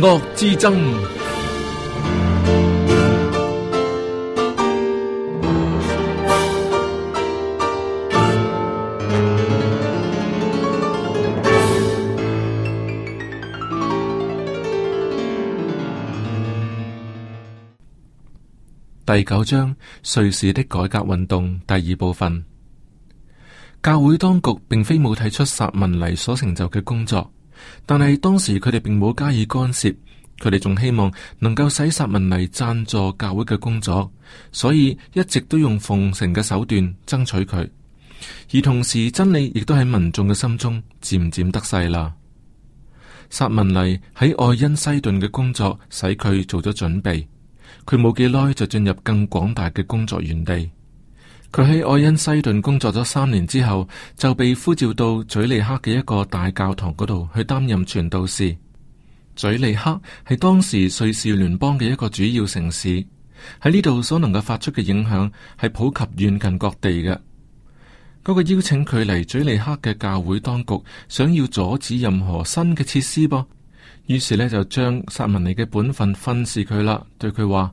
惡之爭。第九章瑞士的改革運動第二部分。教會當局並非冇提出薩文尼所成就嘅工作。但係當時佢哋並冇加以干涉，佢哋仲希望能夠使薩文尼贊助教會嘅工作，所以一直都用奉承嘅手段爭取佢。而同時，真理亦都喺民眾嘅心中漸漸得勢啦。薩文尼喺愛因西頓嘅工作使佢做咗準備，佢冇幾耐就進入更廣大嘅工作園地。佢喺愛因西頓工作咗三年之後，就被呼召到嘴利克嘅一個大教堂嗰度去擔任傳道士。嘴利克係當時瑞士聯邦嘅一個主要城市，喺呢度所能夠發出嘅影響係普及遠近各地嘅。嗰、那個邀請佢嚟嘴利克嘅教會當局，想要阻止任何新嘅設施。噃，於是呢，就將薩文尼嘅本分訓示佢啦，對佢話：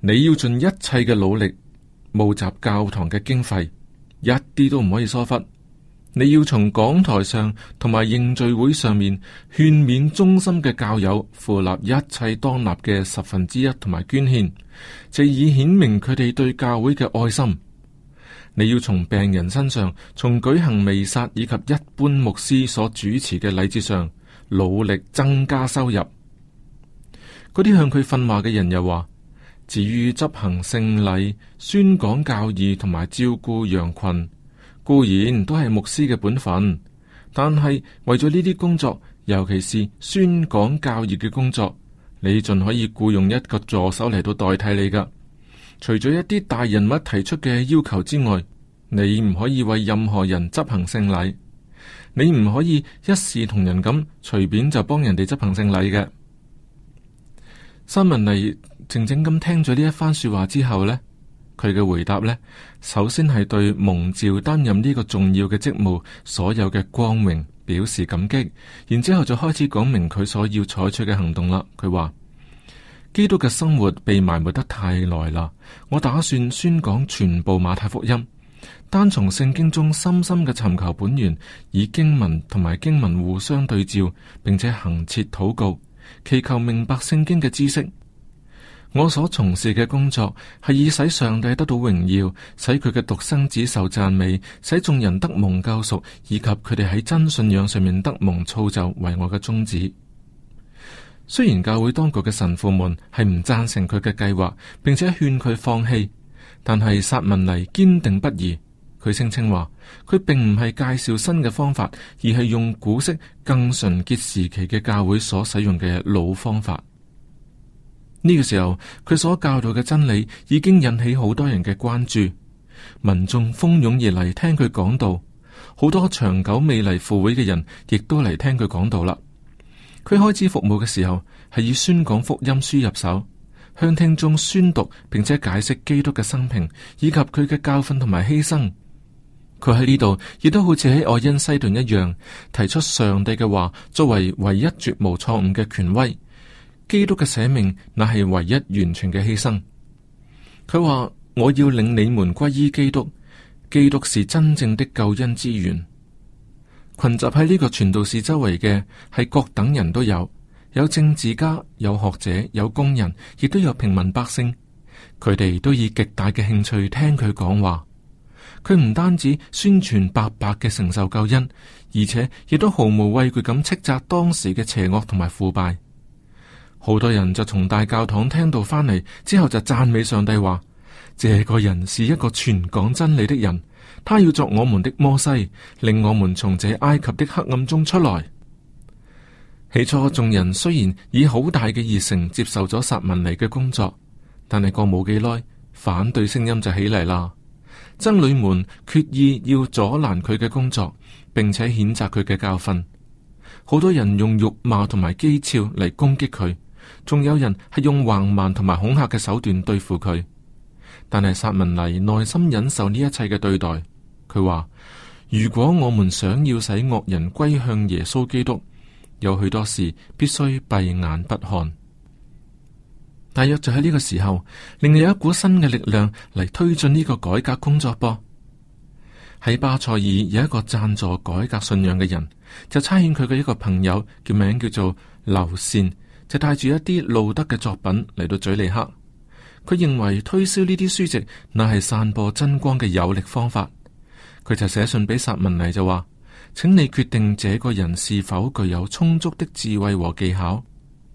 你要盡一切嘅努力。募集教堂嘅經費，一啲都唔可以疏忽。你要從講台上同埋認罪會上面勸勉忠心嘅教友，負納一切當納嘅十分之一同埋捐獻，且以顯明佢哋對教會嘅愛心。你要從病人身上，從舉行彌撒以及一般牧師所主持嘅禮節上，努力增加收入。嗰啲向佢訓話嘅人又話。至於執行聖禮、宣講教義同埋照顧羊群，固然都係牧師嘅本分，但係為咗呢啲工作，尤其是宣講教義嘅工作，你盡可以僱傭一個助手嚟到代替你噶。除咗一啲大人物提出嘅要求之外，你唔可以為任何人執行聖禮，你唔可以一視同仁咁隨便就幫人哋執行聖禮嘅。新聞嚟。靜靜咁聽咗呢一番說話之後呢，佢嘅回答呢，首先係對蒙召擔任呢個重要嘅職務，所有嘅光榮表示感激，然之後就開始講明佢所要採取嘅行動啦。佢話基督嘅生活被埋沒得太耐啦，我打算宣講全部馬太福音，單從聖經中深深嘅尋求本源，以經文同埋經文互相對照，並且行切禱告，祈求明白聖經嘅知識。我所從事嘅工作係以使上帝得到榮耀，使佢嘅獨生子受讚美，使眾人得蒙救贖，以及佢哋喺真信仰上面得蒙造就為我嘅宗旨。雖然教會當局嘅神父們係唔贊成佢嘅計劃，並且勸佢放棄，但係薩文尼堅定不移。佢聲稱話，佢並唔係介紹新嘅方法，而係用古式更純潔時期嘅教會所使用嘅老方法。呢個時候，佢所教導嘅真理已經引起好多人嘅關注，民眾蜂擁而嚟聽佢講道，好多長久未嚟赴會嘅人亦都嚟聽佢講道啦。佢開始服務嘅時候，係以宣講福音書入手，向聽眾宣讀並且解釋基督嘅生平以及佢嘅教訓同埋犧牲。佢喺呢度亦都好似喺愛因西頓一樣，提出上帝嘅話作為唯一絕無錯誤嘅權威。基督嘅捨命，那係唯一完全嘅犧牲。佢話：我要領你們歸依基督，基督是真正的救恩之源。群集喺呢個傳道士周圍嘅係各等人都有，有政治家，有學者，有工人，亦都有平民百姓。佢哋都以極大嘅興趣聽佢講話。佢唔單止宣傳白白嘅承受救恩，而且亦都毫無畏懼咁斥責當時嘅邪惡同埋腐敗。好多人就從大教堂聽到翻嚟之後就讚美上帝話：這個人是一個全講真理的人，他要作我們的摩西，令我們從這埃及的黑暗中出來。起初眾人雖然以好大嘅熱誠接受咗薩文尼嘅工作，但係過冇幾耐，反對聲音就起嚟啦。僧侶們決意要阻攔佢嘅工作，並且譴責佢嘅教訓。好多人用辱罵同埋譏誚嚟攻擊佢。仲有人係用橫蠻同埋恐吓嘅手段對付佢，但係撒文尼耐心忍受呢一切嘅對待。佢話：如果我們想要使惡人歸向耶穌基督，有許多事必須閉眼不看。大約就喺呢個時候，另有一股新嘅力量嚟推進呢個改革工作。噃，喺巴塞爾有一個讚助改革信仰嘅人，就差遣佢嘅一個朋友，叫名叫做劉善。就帶住一啲路德嘅作品嚟到嘴里克，佢認為推銷呢啲書籍乃係散播真光嘅有力方法。佢就寫信俾薩文尼就話：請你決定這個人是否具有充足的智慧和技巧。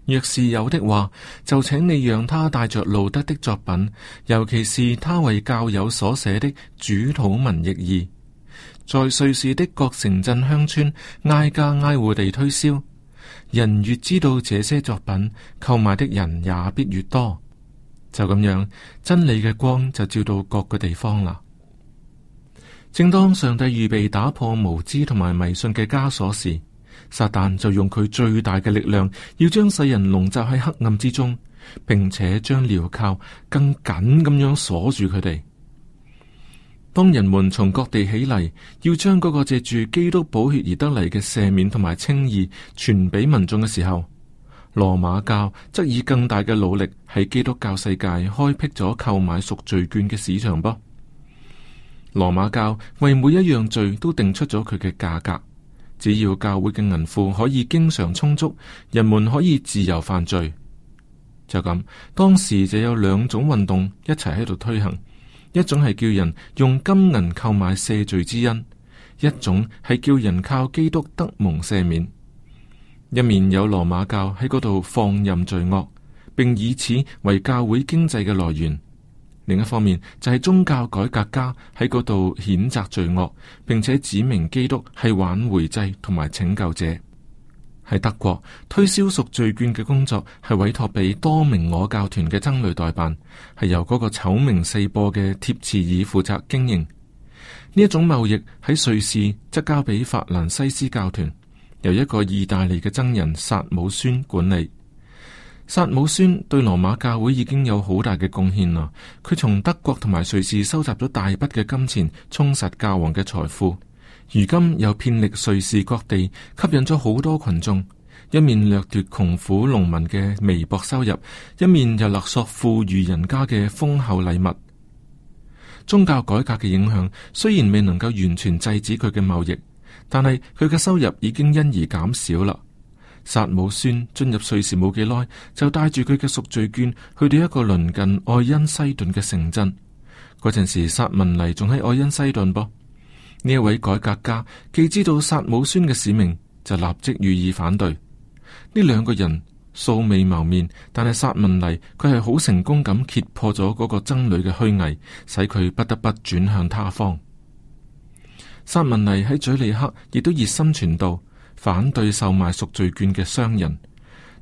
若是有的話，就請你讓他帶着路德的作品，尤其是他為教友所寫的主禱文譯義，在瑞士的各城鎮鄉村挨家挨戶地推銷。人越知道這些作品，購買的人也必越多。就咁樣，真理嘅光就照到各個地方啦。正當上帝預備打破無知同埋迷信嘅枷鎖時，撒旦就用佢最大嘅力量，要將世人籠罩喺黑暗之中，並且將鐐銬更緊咁樣鎖住佢哋。當人們從各地起嚟，要將嗰個借住基督寶血而得嚟嘅赦免同埋稱義傳俾民眾嘅時候，羅馬教則以更大嘅努力喺基督教世界開闢咗購買贖罪券嘅市場。噃，羅馬教為每一樣罪都定出咗佢嘅價格。只要教會嘅銀庫可以經常充足，人們可以自由犯罪。就咁，當時就有兩種運動一齊喺度推行。一種係叫人用金銀購買赦罪之恩，一種係叫人靠基督得蒙赦免。一面有羅馬教喺嗰度放任罪惡，並以此為教會經濟嘅來源；另一方面就係宗教改革家喺嗰度譴責罪惡，並且指明基督係挽回祭同埋拯救者。喺德國推銷贖罪券嘅工作係委託俾多明我教團嘅僧侶代辦，係由嗰個醜名四播嘅貼慈爾負責經營。呢一種貿易喺瑞士則交俾法蘭西斯教團，由一個意大利嘅僧人薩姆孫管理。薩姆孫對羅馬教會已經有好大嘅貢獻啦，佢從德國同埋瑞士收集咗大筆嘅金錢，充實教皇嘅財富。如今又遍歷瑞士各地，吸引咗好多群眾，一面掠奪窮苦農民嘅微薄收入，一面又勒索富裕人家嘅豐厚禮物。宗教改革嘅影響雖然未能夠完全制止佢嘅貿易，但係佢嘅收入已經因而減少啦。薩姆孫進入瑞士冇幾耐，就帶住佢嘅贖罪券去到一個鄰近愛因斯頓嘅城鎮。嗰陣時，薩文尼仲喺愛因斯頓噃。呢一位改革家既知道薩姆孫嘅使命，就立即予以反對。呢兩個人素未謀面，但係薩文尼佢係好成功咁揭破咗嗰個僧侶嘅虛偽，使佢不得不轉向他方。薩文尼喺嘴利克亦都熱心傳道，反對售賣贖罪券嘅商人。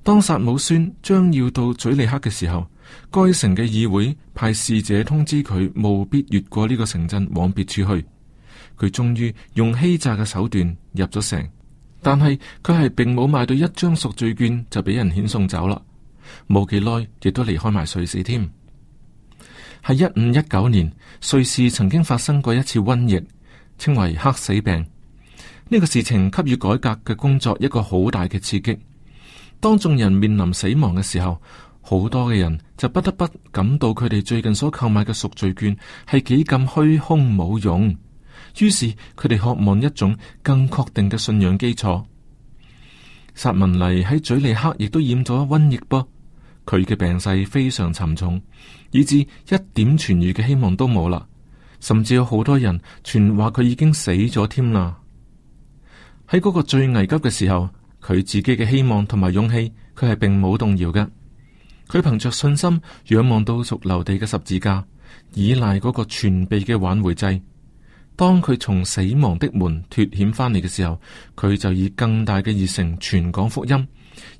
當薩姆孫將要到嘴利克嘅時候，該城嘅議會派使者通知佢，務必越過呢個城鎮往別處去。佢終於用欺詐嘅手段入咗城，但係佢係並冇買到一張贖罪券就俾人遣送走啦。冇幾耐，亦都離開埋瑞士添。喺一五一九年，瑞士曾經發生過一次瘟疫，稱為黑死病。呢個事情給予改革嘅工作一個好大嘅刺激。當眾人面臨死亡嘅時候，好多嘅人就不得不感到佢哋最近所購買嘅贖罪券係幾咁虛空冇用。於是佢哋渴望一種更確定嘅信仰基礎。薩文尼喺嘴里黑亦都染咗瘟疫噃。佢嘅病勢非常沉重，以至一點痊癒嘅希望都冇啦。甚至有好多人傳話佢已經死咗添啦。喺嗰個最危急嘅時候，佢自己嘅希望同埋勇氣，佢係並冇動搖嘅。佢憑着信心仰望到髑髏地嘅十字架，依賴嗰個全備嘅挽回祭。當佢從死亡的門脱險翻嚟嘅時候，佢就以更大嘅熱誠傳講福音，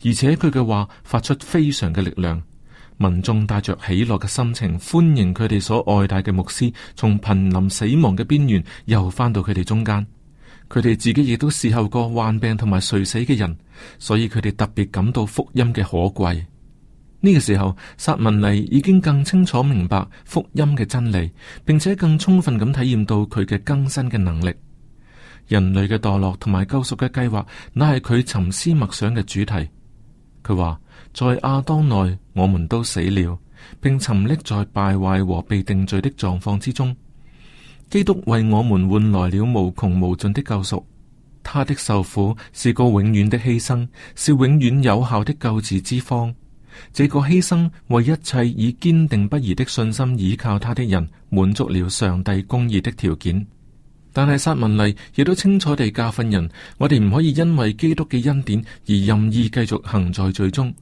而且佢嘅話發出非常嘅力量。民眾帶着喜樂嘅心情歡迎佢哋所愛戴嘅牧師從瀕臨死亡嘅邊緣又翻到佢哋中間，佢哋自己亦都侍候過患病同埋垂死嘅人，所以佢哋特別感到福音嘅可貴。呢個時候，薩文尼已經更清楚明白福音嘅真理，並且更充分咁體驗到佢嘅更新嘅能力。人類嘅墮落同埋救贖嘅計劃，乃係佢沉思默想嘅主題。佢話：在亞當內，我們都死了，並沉溺在敗壞和被定罪的狀況之中。基督為我們換來了無窮無盡的救贖。他的受苦是個永遠的犧牲，是永遠有效的救治之方。這個犧牲為一切以堅定不移的信心倚靠他的人滿足了上帝公義的條件，但係撒文麗亦都清楚地教訓人：我哋唔可以因為基督嘅恩典而任意繼續行在罪中。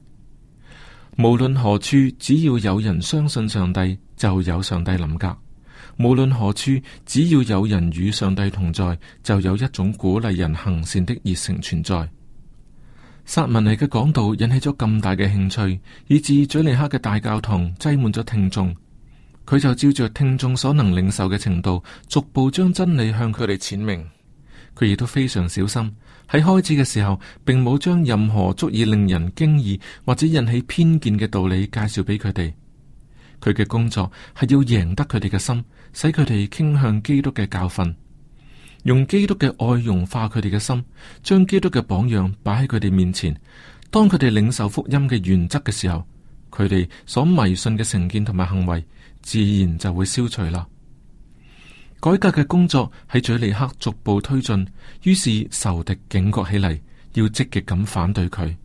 無論何處，只要有人相信上帝，就有上帝臨格；無論何處，只要有人與上帝同在，就有一種鼓勵人行善的熱誠存在。薩文尼嘅講道引起咗咁大嘅興趣，以致宰尼克嘅大教堂擠滿咗聽眾。佢就照着聽眾所能領受嘅程度，逐步將真理向佢哋闡明。佢亦都非常小心，喺開始嘅時候，並冇將任何足以令人驚異或者引起偏見嘅道理介紹俾佢哋。佢嘅工作係要贏得佢哋嘅心，使佢哋傾向基督嘅教訓。用基督嘅愛融化佢哋嘅心，將基督嘅榜樣擺喺佢哋面前。當佢哋領受福音嘅原則嘅時候，佢哋所迷信嘅成見同埋行為，自然就會消除啦。改革嘅工作喺嘴尼克逐步推進，於是仇敵警覺起嚟，要積極咁反對佢。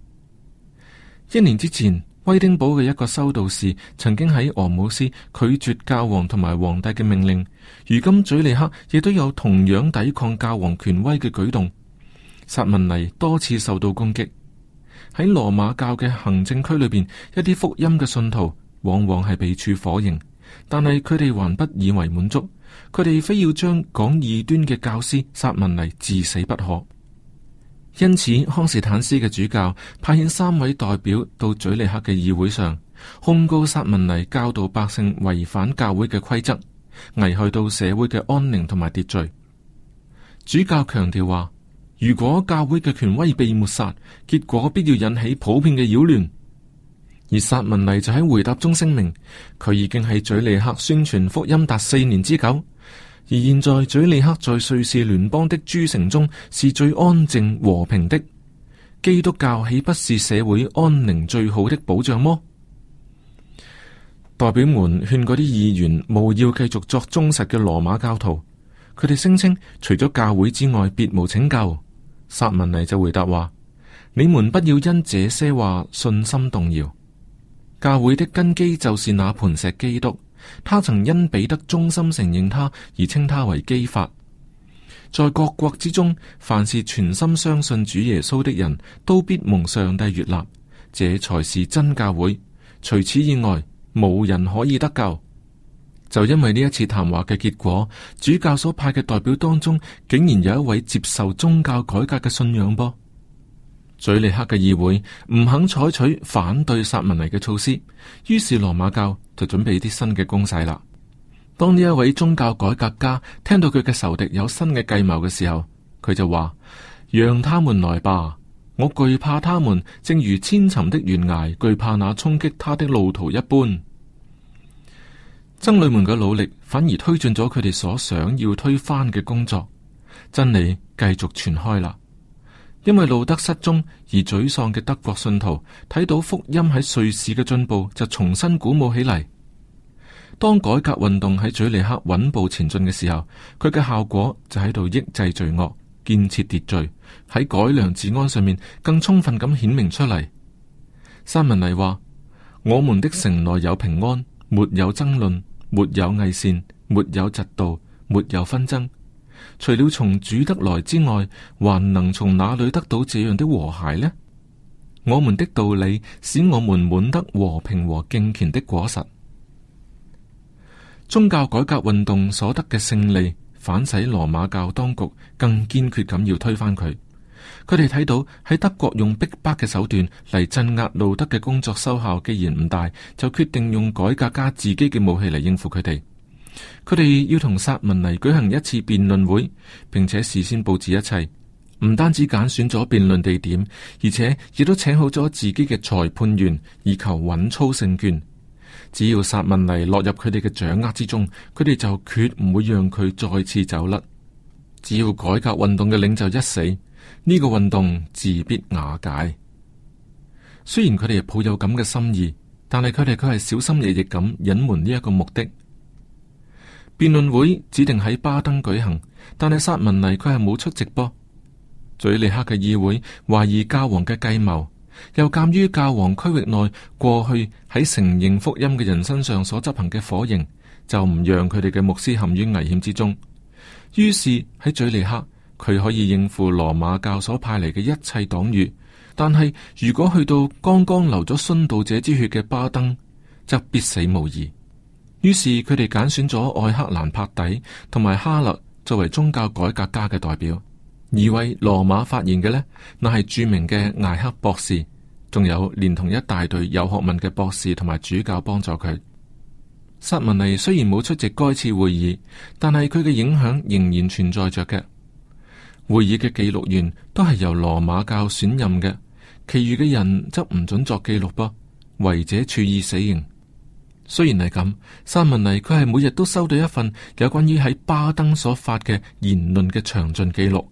一年之前，威丁堡嘅一個修道士曾經喺俄姆斯拒絕教皇同埋皇帝嘅命令，如今嘴尼克亦都有同樣抵抗教皇權威嘅舉動。薩文尼多次受到攻擊，喺羅馬教嘅行政區裏邊，一啲福音嘅信徒往往係被處火刑，但係佢哋還不以為滿足，佢哋非要將講異端嘅教師薩文尼致死不可。因此，康斯坦斯嘅主教派遣三位代表到嘴利克嘅議會上，控告薩文尼教導百姓違反教會嘅規則，危害到社會嘅安寧同埋秩序。主教強調話，如果教會嘅權威被抹殺，結果必要引起普遍嘅擾亂。而薩文尼就喺回答中聲明，佢已經喺嘴利克宣傳福音達四年之久。而現在，嘴里克在瑞士聯邦的諸城中是最安靜和平的。基督教豈不是社會安寧最好的保障麼？代表們勸嗰啲議員，務要繼續作忠實嘅羅馬教徒。佢哋聲稱，除咗教會之外，別無拯救。薩文尼就回答話：你們不要因這些話信心動搖。教會的根基就是那磐石基督。他曾因彼得忠心承認他而稱他為基法。在各國之中，凡是全心相信主耶穌的人都必蒙上帝悅納，這才是真教會。除此以外，無人可以得救。就因為呢一次談話嘅結果，主教所派嘅代表當中，竟然有一位接受宗教改革嘅信仰噃。敘利克嘅議會唔肯採取反對薩文尼嘅措施，於是羅馬教就準備啲新嘅攻勢啦。當呢一位宗教改革家聽到佢嘅仇敵有新嘅計謀嘅時候，佢就話：讓他們來吧，我懼怕他們，正如千尋的懸崖懼怕那衝擊他的路途一般。僧侶們嘅努力反而推進咗佢哋所想要推翻嘅工作，真理繼續傳開啦。因為路德失蹤而沮喪嘅德國信徒，睇到福音喺瑞士嘅進步，就重新鼓舞起嚟。當改革運動喺水利克穩步前進嘅時候，佢嘅效果就喺度抑制罪惡、建設秩序、喺改良治安上面更充分咁顯明出嚟。三文禮話：我們的城內有平安，沒有爭論，沒有偽善，沒有嫉妒，沒有紛爭。除了從主得來之外，還能從哪裏得到這樣的和諧呢？我們的道理使我們滿得和平和敬虔的果實。宗教改革運動所得嘅勝利，反使羅馬教當局更堅決咁要推翻佢。佢哋睇到喺德國用逼迫嘅手段嚟鎮壓路德嘅工作收效既然唔大，就決定用改革家自己嘅武器嚟應付佢哋。佢哋要同薩文尼舉行一次辯論會，並且事先布置一切，唔單止揀選咗辯論地點，而且亦都請好咗自己嘅裁判員，以求穩操勝券。只要薩文尼落入佢哋嘅掌握之中，佢哋就決唔會讓佢再次走甩。只要改革運動嘅領袖一死，呢、這個運動自必瓦解。雖然佢哋抱有咁嘅心意，但係佢哋佢係小心翼翼咁隱瞞呢一個目的。辯論會指定喺巴登舉行，但係薩文尼佢係冇出席噃。在利克嘅議會懷疑教皇嘅計謀，又鑒於教皇區域內過去喺承認福音嘅人身上所執行嘅火刑，就唔讓佢哋嘅牧師陷於危險之中。於是喺在利克，佢可以應付羅馬教所派嚟嘅一切擋御，但係如果去到剛剛流咗殉道者之血嘅巴登，則必死無疑。於是佢哋揀選咗艾克蘭帕底同埋哈勒作為宗教改革家嘅代表，而為羅馬發言嘅呢，那係著名嘅艾克博士，仲有連同一大隊有學問嘅博士同埋主教幫助佢。薩文尼雖然冇出席該次會議，但係佢嘅影響仍然存在着嘅。會議嘅記錄員都係由羅馬教選任嘅，其餘嘅人則唔准作記錄噃，違者處以死刑。雖然係咁，沙文麗佢係每日都收到一份有關於喺巴登所發嘅言論嘅詳盡記錄。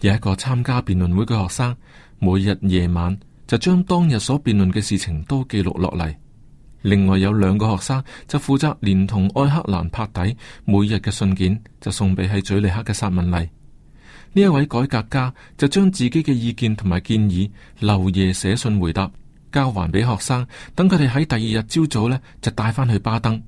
有一個參加辯論會嘅學生，每日夜晚就將當日所辯論嘅事情都記錄落嚟。另外有兩個學生就負責連同艾克蘭帕底每日嘅信件，就送俾喺嘴里克嘅沙文麗。呢一位改革家就將自己嘅意見同埋建議，留夜寫信回答，交還俾學生，等佢哋喺第二日朝早呢，就帶返去巴登，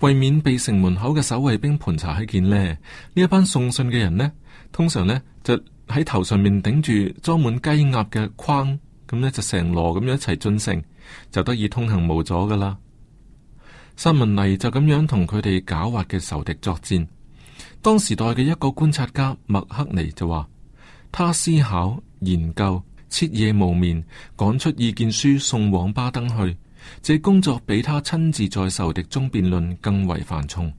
為免被城門口嘅守衛兵盤查起見呢，呢一班送信嘅人呢，通常呢，就喺頭上面頂住裝滿雞鴨嘅框，咁呢，就成籮咁一齊進城，就得以通行無阻噶啦。撒文黎就咁樣同佢哋狡猾嘅仇敵作戰。當時代嘅一個觀察家麥克尼就話：他思考研究。徹夜無眠，趕出意見書送往巴登去。這工作比他親自在受敵中辯論更為繁重。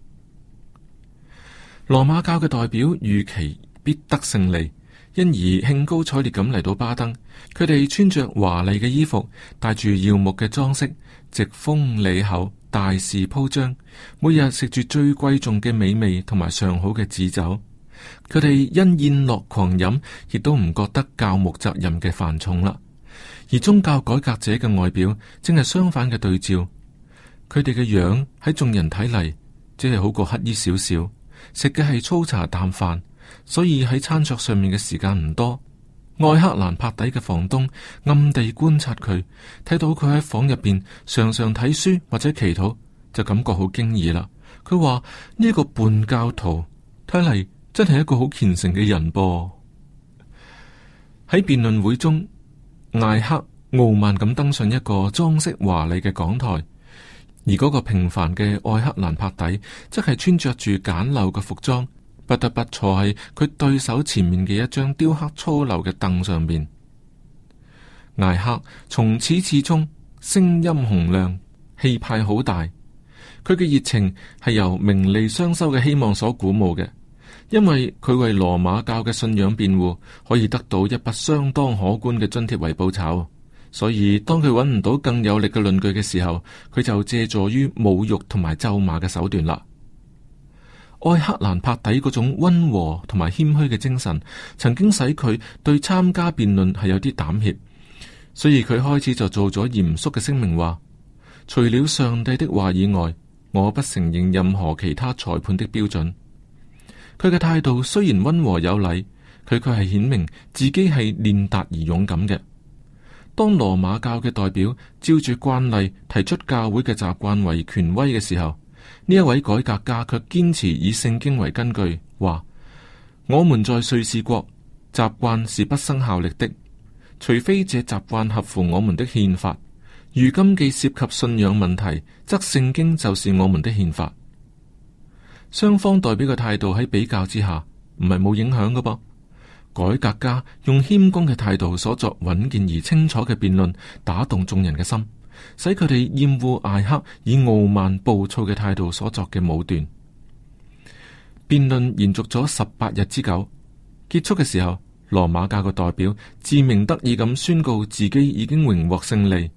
羅馬教嘅代表預期必得勝利，因而興高采烈咁嚟到巴登。佢哋穿着華麗嘅衣服，帶住耀目嘅裝飾，直風里口，大肆鋪張，每日食住最貴重嘅美味同埋上好嘅紙酒。佢哋因宴樂狂飲，亦都唔覺得教牧責任嘅繁重啦。而宗教改革者嘅外表正係相反嘅對照，佢哋嘅樣喺眾人睇嚟，只係好過乞衣少少，食嘅係粗茶淡飯，所以喺餐桌上面嘅時間唔多。愛克蘭拍底嘅房東暗地觀察佢，睇到佢喺房入邊常常睇書或者祈禱，就感覺好驚異啦。佢話呢個叛教徒睇嚟，真係一個好虔誠嘅人噃！喺辯論會中，艾克傲慢咁登上一個裝飾華麗嘅講台，而嗰個平凡嘅艾克蘭帕底，則係穿着住簡陋嘅服裝，不得不坐喺佢對手前面嘅一張雕刻粗陋嘅凳上面。艾克從始至終聲音洪亮，氣派好大。佢嘅熱情係由名利雙收嘅希望所鼓舞嘅。因為佢為羅馬教嘅信仰辯護，可以得到一筆相當可觀嘅津貼為報酬，所以當佢搵唔到更有力嘅論據嘅時候，佢就借助於侮辱同埋咒罵嘅手段啦。愛克蘭帕底嗰種溫和同埋謙虛嘅精神，曾經使佢對參加辯論係有啲膽怯，所以佢開始就做咗嚴肅嘅聲明話：除了上帝的話以外，我不承認任何其他裁判的標準。佢嘅態度雖然温和有禮，佢却係顯明自己係練達而勇敢嘅。當羅馬教嘅代表照住慣例提出教會嘅習慣為權威嘅時候，呢一位改革家却堅持以聖經為根據，話：我們在瑞士國習慣是不生效力的，除非這習慣合乎我們的憲法。如今既涉及信仰問題，則聖經就是我們的憲法。雙方代表嘅態度喺比較之下，唔係冇影響㗎噃。改革家用謙恭嘅態度所作穩健而清楚嘅辯論，打動眾人嘅心，使佢哋厭惡艾克以傲慢暴躁嘅態度所作嘅武斷。辯論延續咗十八日之久，結束嘅時候，羅馬教嘅代表自鳴得意咁宣告自己已經榮獲勝利。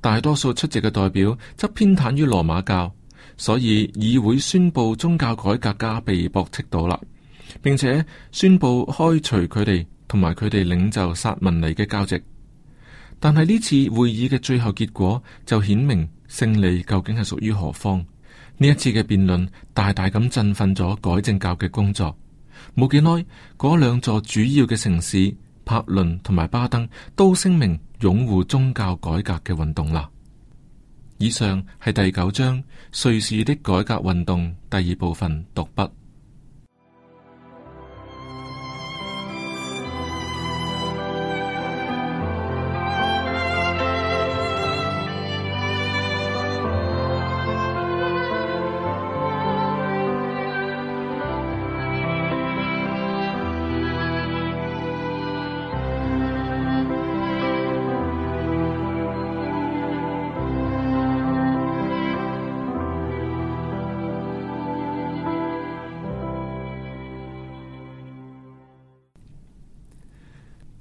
大多數出席嘅代表則偏袒於羅馬教。所以議會宣布宗教改革家被駁斥到啦，並且宣布開除佢哋同埋佢哋領袖薩文尼嘅教職。但係呢次會議嘅最後結果就顯明勝利究竟係屬於何方？呢一次嘅辯論大大咁振奮咗改正教嘅工作。冇幾耐，嗰兩座主要嘅城市柏林同埋巴登都聲明擁護宗教改革嘅運動啦。以上係第九章，瑞士的改革運動第二部分，讀畢。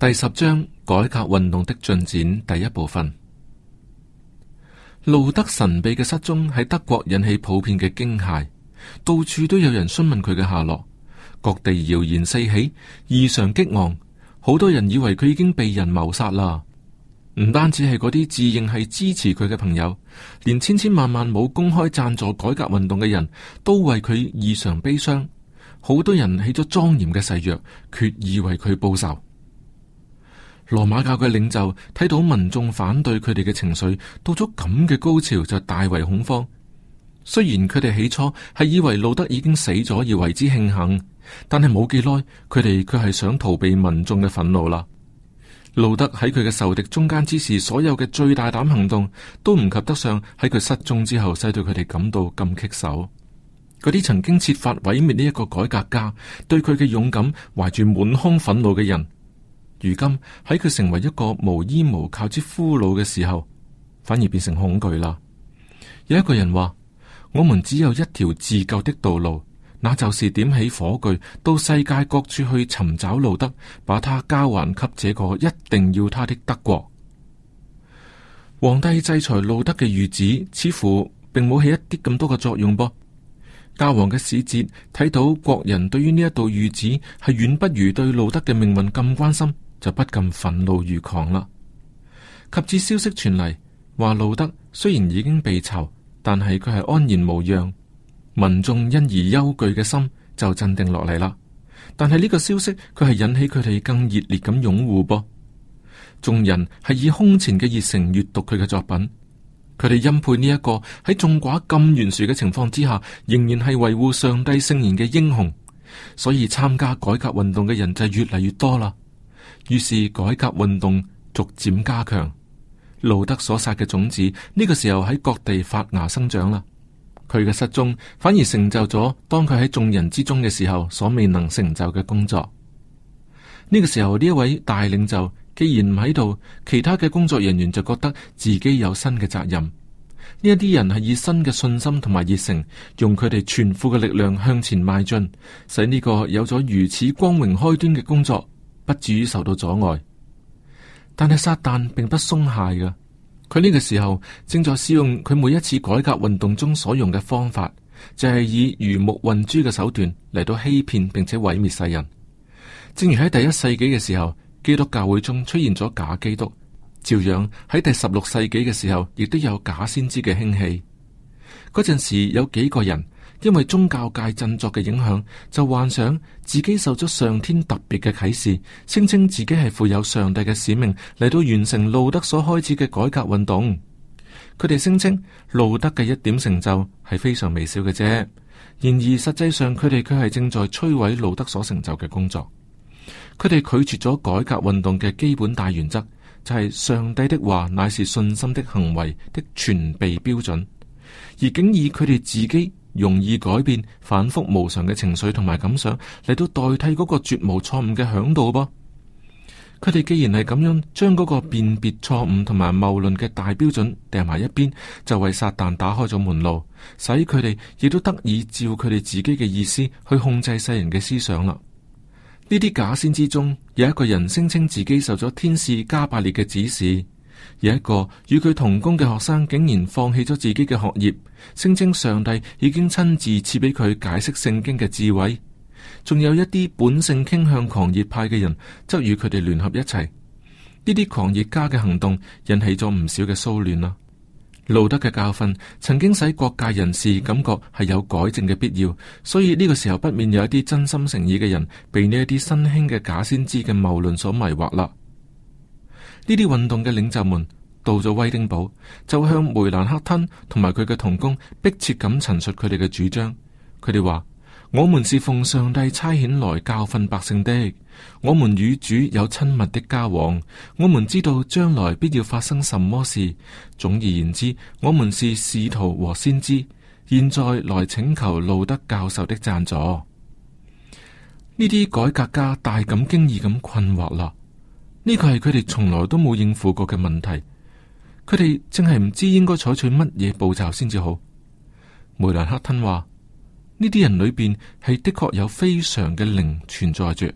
第十章改革運動的進展。第一部分，路德神秘嘅失蹤喺德國引起普遍嘅驚駭，到處都有人詢問佢嘅下落。各地謠言四起，異常激昂。好多人以為佢已經被人謀殺啦。唔單止係嗰啲自認係支持佢嘅朋友，連千千萬萬冇公開贊助改革運動嘅人都為佢異常悲傷。好多人起咗莊嚴嘅誓約，決意為佢報仇。羅馬教嘅領袖睇到民眾反對佢哋嘅情緒到咗咁嘅高潮，就大為恐慌。雖然佢哋起初係以為路德已經死咗而為之慶幸，但係冇幾耐，佢哋卻係想逃避民眾嘅憤怒啦。路德喺佢嘅仇敵中間之時，所有嘅最大膽行動都唔及得上喺佢失蹤之後，使到佢哋感到咁棘手。嗰啲曾經設法毀滅呢一個改革家，對佢嘅勇敢懷住滿腔憤怒嘅人，如今喺佢成為一個無依無靠之俘虜嘅時候，反而變成恐懼啦。有一個人話：我們只有一條自救的道路，那就是點起火炬到世界各處去尋找路德，把他交還給這個一定要他的德國皇帝。制裁路德嘅御旨，似乎並冇起一啲咁多嘅作用噃。教皇嘅使節睇到國人對於呢一道御旨係遠不如對路德嘅命運咁關心。就不禁憤怒如狂啦。及至消息傳嚟，話路德雖然已經被囚，但係佢係安然無恙，民眾因而憂懼嘅心就鎮定落嚟啦。但係呢個消息佢係引起佢哋更熱烈咁擁護噃。眾人係以空前嘅熱誠閱讀佢嘅作品，佢哋欽佩呢、這、一個喺眾寡咁懸殊嘅情況之下，仍然係維護上帝聖言嘅英雄，所以參加改革運動嘅人就越嚟越多啦。於是改革運動逐漸加強，路德所撒嘅種子呢個時候喺各地發芽生長啦。佢嘅失蹤反而成就咗當佢喺眾人之中嘅時候所未能成就嘅工作。呢個時候呢一位大領袖既然唔喺度，其他嘅工作人員就覺得自己有新嘅責任。呢一啲人係以新嘅信心同埋熱誠，用佢哋全副嘅力量向前邁進，使呢個有咗如此光榮開端嘅工作。不至於受到阻礙，但係撒旦并不鬆懈㗎。佢呢個時候正在使用佢每一次改革運動中所用嘅方法，就係、是、以魚目混珠嘅手段嚟到欺騙并且毀滅世人。正如喺第一世紀嘅時候，基督教會中出現咗假基督，照樣喺第十六世紀嘅時候，亦都有假先知嘅興起。嗰陣時有幾個人。因為宗教界振作嘅影響，就幻想自己受咗上天特別嘅啟示，聲稱自己係負有上帝嘅使命嚟到完成路德所開始嘅改革運動。佢哋聲稱路德嘅一點成就係非常微小嘅啫，然而實際上佢哋却係正在摧毀路德所成就嘅工作。佢哋拒絕咗改革運動嘅基本大原則，就係、是、上帝的話乃是信心的行為的全備標準，而僅以佢哋自己。容易改變、反覆無常嘅情緒同埋感想，嚟到代替嗰個絕無錯誤嘅嚮導噃。佢哋既然係咁樣，將嗰個辨別錯誤同埋謬論嘅大標準掟埋一邊，就為撒旦打開咗門路，使佢哋亦都得以照佢哋自己嘅意思去控制世人嘅思想啦。呢啲假先之中，有一個人聲稱自己受咗天使加百列嘅指示。有一個與佢同工嘅學生，竟然放棄咗自己嘅學業，聲稱上帝已經親自賜俾佢解釋聖經嘅智慧。仲有一啲本性傾向狂熱派嘅人，則與佢哋聯合一齊。呢啲狂熱家嘅行動，引起咗唔少嘅騷亂啦。路德嘅教訓，曾經使各界人士感覺係有改正嘅必要，所以呢個時候不免有一啲真心誠意嘅人，被呢一啲新興嘅假先知嘅謬論所迷惑啦。呢啲運動嘅領袖們到咗威丁堡，就向梅蘭克吞同埋佢嘅同工，童迫切咁陳述佢哋嘅主張。佢哋話：我們是奉上帝差遣來教訓百姓的，我們與主有親密的交往，我們知道將來必要發生什麼事。總而言之，我們是使徒和先知。現在來請求路德教授的贊助。呢啲改革家大感驚異，咁困惑啦。呢個係佢哋從來都冇應付過嘅問題，佢哋淨係唔知應該採取乜嘢步驟先至好。梅蘭克吞話：呢啲人裏邊係的確有非常嘅靈存在住，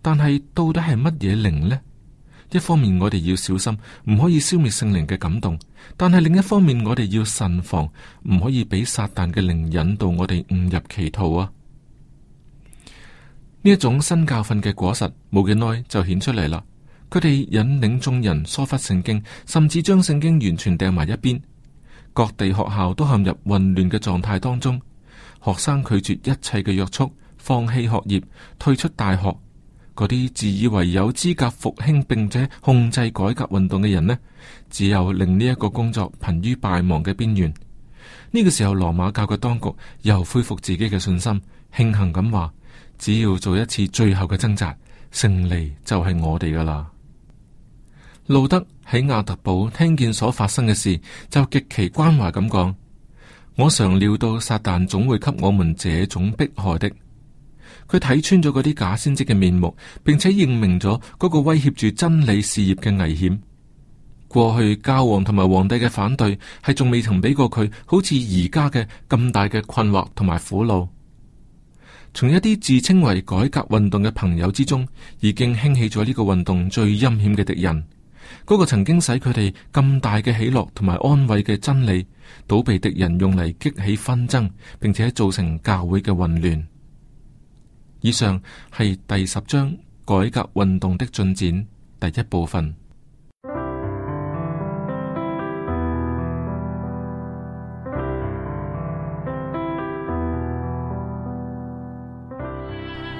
但係到底係乜嘢靈呢？一方面我哋要小心，唔可以消滅聖靈嘅感動；但係另一方面我哋要慎防，唔可以俾撒旦嘅靈引導我哋誤入歧途啊！呢一種新教訓嘅果實冇幾耐就顯出嚟啦。佢哋引領眾人疏忽聖經，甚至將聖經完全掟埋一邊。各地學校都陷入混亂嘅狀態當中，學生拒絕一切嘅約束，放棄學業，退出大學。嗰啲自以為有資格復興並且控制改革運動嘅人呢，只有令呢一個工作瀕於敗亡嘅邊緣。呢個時候，羅馬教嘅當局又恢復自己嘅信心，慶幸咁話：只要做一次最後嘅掙扎，勝利就係我哋噶啦。路德喺亞特堡聽見所發生嘅事，就極其關懷咁講：我常料到撒旦總會給我們這種迫害的。佢睇穿咗嗰啲假先知嘅面目，並且認明咗嗰個威脅住真理事業嘅危險。過去教皇同埋皇帝嘅反對係仲未曾俾過佢好似而家嘅咁大嘅困惑同埋苦惱。從一啲自稱為改革運動嘅朋友之中，已經興起咗呢個運動最陰險嘅敵人。嗰個曾經使佢哋咁大嘅喜樂同埋安慰嘅真理，倒被敵人用嚟激起紛爭，並且造成教會嘅混亂。以上係第十章改革運動的進展第一部分。